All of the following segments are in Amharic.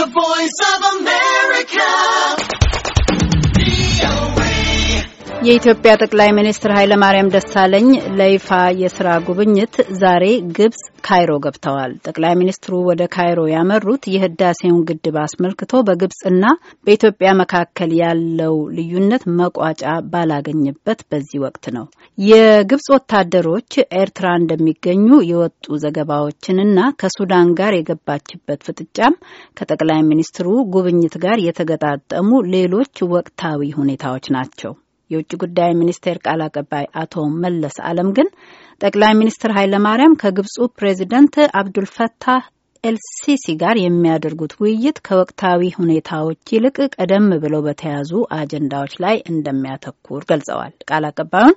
The Voice of man. የኢትዮጵያ ጠቅላይ ሚኒስትር ኃይለማርያም ደሳለኝ ለይፋ የስራ ጉብኝት ዛሬ ግብጽ ካይሮ ገብተዋል። ጠቅላይ ሚኒስትሩ ወደ ካይሮ ያመሩት የህዳሴውን ግድብ አስመልክቶ በግብጽና በኢትዮጵያ መካከል ያለው ልዩነት መቋጫ ባላገኘበት በዚህ ወቅት ነው። የግብጽ ወታደሮች ኤርትራ እንደሚገኙ የወጡ ዘገባዎችንና ከሱዳን ጋር የገባችበት ፍጥጫም ከጠቅላይ ሚኒስትሩ ጉብኝት ጋር የተገጣጠሙ ሌሎች ወቅታዊ ሁኔታዎች ናቸው። የውጭ ጉዳይ ሚኒስቴር ቃል አቀባይ አቶ መለስ አለም ግን ጠቅላይ ሚኒስትር ኃይለማርያም ከግብፁ ፕሬዚደንት አብዱልፈታህ ኤልሲሲ ጋር የሚያደርጉት ውይይት ከወቅታዊ ሁኔታዎች ይልቅ ቀደም ብለው በተያዙ አጀንዳዎች ላይ እንደሚያተኩር ገልጸዋል። ቃል አቀባዩን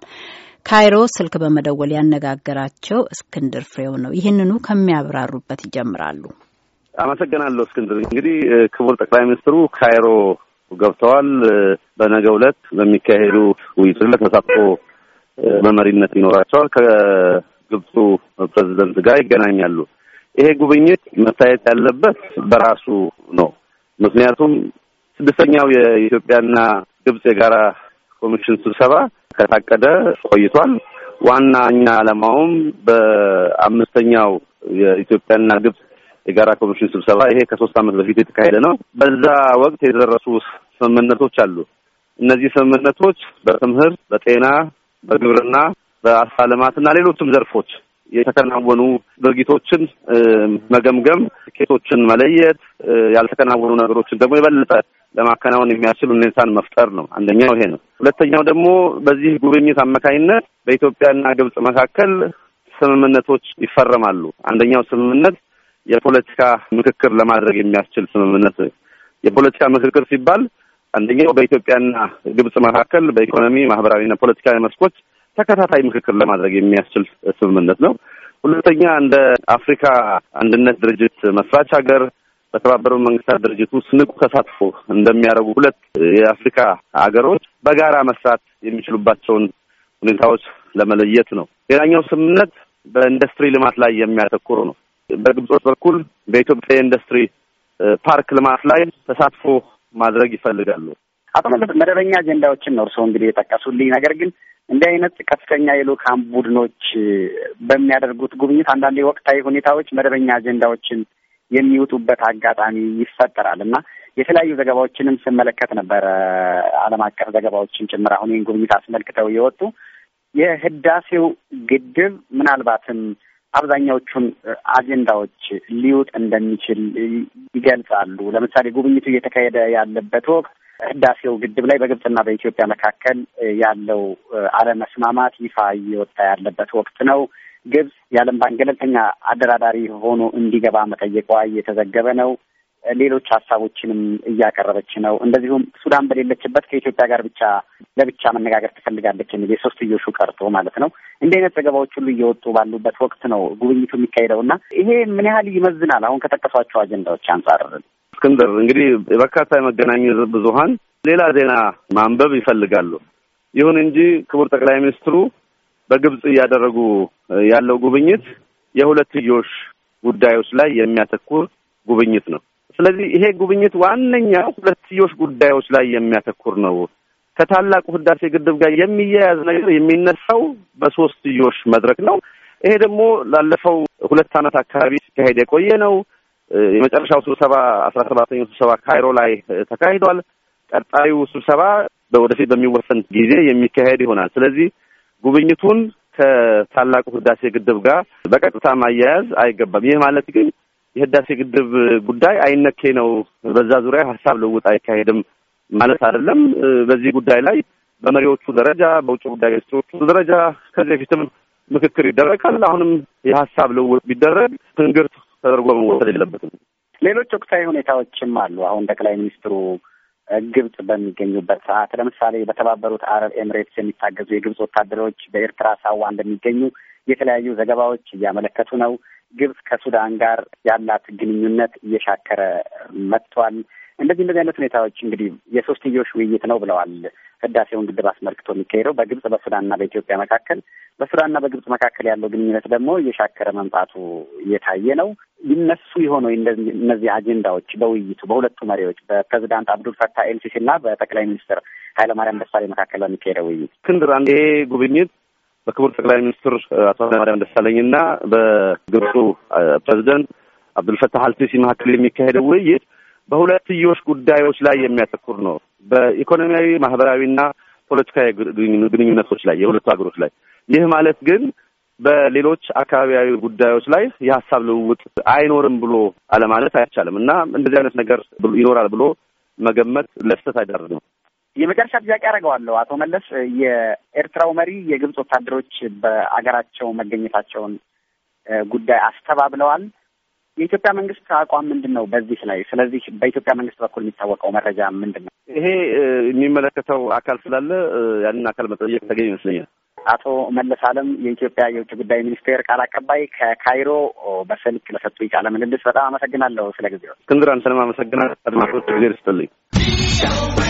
ካይሮ ስልክ በመደወል ያነጋገራቸው እስክንድር ፍሬው ነው። ይህንኑ ከሚያብራሩበት ይጀምራሉ። አመሰግናለሁ እስክንድር። እንግዲህ ክቡር ጠቅላይ ሚኒስትሩ ካይሮ ገብተዋል። በነገ ዕለት በሚካሄዱ ውይይቶች ላይ ተሳትፎ በመሪነት ይኖራቸዋል። ከግብፁ ፕሬዚደንት ጋር ይገናኛሉ። ይሄ ጉብኝት መታየት ያለበት በራሱ ነው። ምክንያቱም ስድስተኛው የኢትዮጵያና ግብፅ የጋራ ኮሚሽን ስብሰባ ከታቀደ ቆይቷል። ዋናኛ ዓላማውም በአምስተኛው የኢትዮጵያና ግብፅ የጋራ ኮሚሽን ስብሰባ ይሄ ከሶስት ዓመት በፊት የተካሄደ ነው። በዛ ወቅት የደረሱ ስምምነቶች አሉ። እነዚህ ስምምነቶች በትምህርት፣ በጤና፣ በግብርና፣ በአስፋ ልማትና ሌሎችም ዘርፎች የተከናወኑ ድርጊቶችን መገምገም፣ ስኬቶችን መለየት፣ ያልተከናወኑ ነገሮችን ደግሞ የበለጠ ለማከናወን የሚያስችል ሁኔታን መፍጠር ነው። አንደኛው ይሄ ነው። ሁለተኛው ደግሞ በዚህ ጉብኝት አማካኝነት በኢትዮጵያና ግብጽ መካከል ስምምነቶች ይፈረማሉ። አንደኛው ስምምነት የፖለቲካ ምክክር ለማድረግ የሚያስችል ስምምነት የፖለቲካ ምክክር ሲባል አንደኛው በኢትዮጵያና ግብጽ መካከል በኢኮኖሚ ማህበራዊና ፖለቲካዊ መስኮች ተከታታይ ምክክር ለማድረግ የሚያስችል ስምምነት ነው። ሁለተኛ እንደ አፍሪካ አንድነት ድርጅት መስራች ሀገር በተባበሩት መንግስታት ድርጅት ውስጥ ንቁ ተሳትፎ እንደሚያደርጉ ሁለት የአፍሪካ ሀገሮች በጋራ መስራት የሚችሉባቸውን ሁኔታዎች ለመለየት ነው። ሌላኛው ስምምነት በኢንዱስትሪ ልማት ላይ የሚያተኩሩ ነው። በግብጾች በኩል በኢትዮጵያ የኢንዱስትሪ ፓርክ ልማት ላይ ተሳትፎ ማድረግ ይፈልጋሉ። አቶ መደበኛ አጀንዳዎችን ነው እርስዎ እንግዲህ የጠቀሱልኝ። ነገር ግን እንዲህ አይነት ከፍተኛ የልኡካን ቡድኖች በሚያደርጉት ጉብኝት አንዳንድ ወቅታዊ ሁኔታዎች መደበኛ አጀንዳዎችን የሚውጡበት አጋጣሚ ይፈጠራል እና የተለያዩ ዘገባዎችንም ስመለከት ነበረ፣ ዓለም አቀፍ ዘገባዎችን ጭምር አሁን ይህን ጉብኝት አስመልክተው የወጡ የህዳሴው ግድብ ምናልባትም አብዛኛዎቹን አጀንዳዎች ሊውጥ እንደሚችል ይገልጻሉ። ለምሳሌ ጉብኝቱ እየተካሄደ ያለበት ወቅት ህዳሴው ግድብ ላይ በግብጽና በኢትዮጵያ መካከል ያለው አለመስማማት ይፋ እየወጣ ያለበት ወቅት ነው። ግብጽ የዓለም ባንክ ገለልተኛ አደራዳሪ ሆኖ እንዲገባ መጠየቋ እየተዘገበ ነው። ሌሎች ሀሳቦችንም እያቀረበች ነው። እንደዚሁም ሱዳን በሌለችበት ከኢትዮጵያ ጋር ብቻ ለብቻ መነጋገር ትፈልጋለች የሚል የሶስትዮሹ ቀርቶ ማለት ነው። እንዲህ አይነት ዘገባዎች ሁሉ እየወጡ ባሉበት ወቅት ነው ጉብኝቱ የሚካሄደው እና ይሄ ምን ያህል ይመዝናል? አሁን ከጠቀሷቸው አጀንዳዎች አንጻር እስክንድር፣ እንግዲህ በርካታ የመገናኛ ብዙሀን ሌላ ዜና ማንበብ ይፈልጋሉ። ይሁን እንጂ ክቡር ጠቅላይ ሚኒስትሩ በግብጽ እያደረጉ ያለው ጉብኝት የሁለትዮሽ ጉዳዮች ላይ የሚያተኩር ጉብኝት ነው። ስለዚህ ይሄ ጉብኝት ዋነኛው ሁለትዮሽ ጉዳዮች ላይ የሚያተኩር ነው። ከታላቁ ህዳሴ ግድብ ጋር የሚያያዝ ነገር የሚነሳው በሶስትዮሽ መድረክ ነው። ይሄ ደግሞ ላለፈው ሁለት ዓመት አካባቢ ሲካሄድ የቆየ ነው። የመጨረሻው ስብሰባ አስራ ሰባተኛው ስብሰባ ካይሮ ላይ ተካሂዷል። ቀጣዩ ስብሰባ ወደፊት በሚወሰን ጊዜ የሚካሄድ ይሆናል። ስለዚህ ጉብኝቱን ከታላቁ ህዳሴ ግድብ ጋር በቀጥታ ማያያዝ አይገባም። ይህ ማለት ግን የህዳሴ ግድብ ጉዳይ አይነኬ ነው፣ በዛ ዙሪያ ሀሳብ ልውውጥ አይካሄድም ማለት አይደለም። በዚህ ጉዳይ ላይ በመሪዎቹ ደረጃ በውጭ ጉዳይ ሚኒስትሮቹ ደረጃ ከዚህ በፊትም ምክክር ይደረጋል። አሁንም የሀሳብ ልውውጥ ቢደረግ ትንግርት ተደርጎ መወሰድ የለበትም። ሌሎች ወቅታዊ ሁኔታዎችም አሉ። አሁን ጠቅላይ ሚኒስትሩ ግብጽ በሚገኙበት ሰዓት ለምሳሌ በተባበሩት አረብ ኤምሬትስ የሚታገዙ የግብጽ ወታደሮች በኤርትራ ሳዋ እንደሚገኙ የተለያዩ ዘገባዎች እያመለከቱ ነው። ግብጽ ከሱዳን ጋር ያላት ግንኙነት እየሻከረ መጥቷል። እንደዚህ እንደዚህ አይነት ሁኔታዎች እንግዲህ የሶስትዮሽ ውይይት ነው ብለዋል። ህዳሴውን ግድብ አስመልክቶ የሚካሄደው በግብጽ በሱዳንና በኢትዮጵያ መካከል፣ በሱዳንና በግብጽ መካከል ያለው ግንኙነት ደግሞ እየሻከረ መምጣቱ እየታየ ነው። ይነሱ የሆኑ እነዚህ አጀንዳዎች በውይይቱ በሁለቱ መሪዎች በፕሬዚዳንት አብዱል ፈታህ ኤልሲሲ እና በጠቅላይ ሚኒስትር ኃይለማርያም ደሳሌ መካከል በሚካሄደው ውይይት። እስክንድር፣ ይሄ ጉብኝት በክቡር ጠቅላይ ሚኒስትር አቶ ኃይለማርያም ደሳለኝና በግብፁ ፕሬዚደንት አብዱልፈታህ አልሲሲ መካከል የሚካሄደው ውይይት በሁለትዮሽ ጉዳዮች ላይ የሚያተኩር ነው። በኢኮኖሚያዊ ማህበራዊና ፖለቲካዊ ግንኙነቶች ላይ የሁለቱ ሀገሮች ላይ ይህ ማለት ግን በሌሎች አካባቢያዊ ጉዳዮች ላይ የሀሳብ ልውውጥ አይኖርም ብሎ አለማለት አይቻልም እና እንደዚህ አይነት ነገር ይኖራል ብሎ መገመት ለስተት አይደርግም። የመጨረሻ ጥያቄ አደርገዋለሁ። አቶ መለስ የኤርትራው መሪ የግብፅ ወታደሮች በአገራቸው መገኘታቸውን ጉዳይ አስተባብለዋል። የኢትዮጵያ መንግስት አቋም ምንድን ነው በዚህ ላይ? ስለዚህ በኢትዮጵያ መንግስት በኩል የሚታወቀው መረጃ ምንድን ነው? ይሄ የሚመለከተው አካል ስላለ ያንን አካል መጠየቅ ተገኝ ይመስለኛል። አቶ መለስ አለም የኢትዮጵያ የውጭ ጉዳይ ሚኒስቴር ቃል አቀባይ ከካይሮ በስልክ ለሰጡ ቃለ ምልልስ በጣም አመሰግናለሁ። ስለ ጊዜው እስክንድር አንተንም አመሰግናለሁ። አድማጮች ጊዜ ስጥልኝ።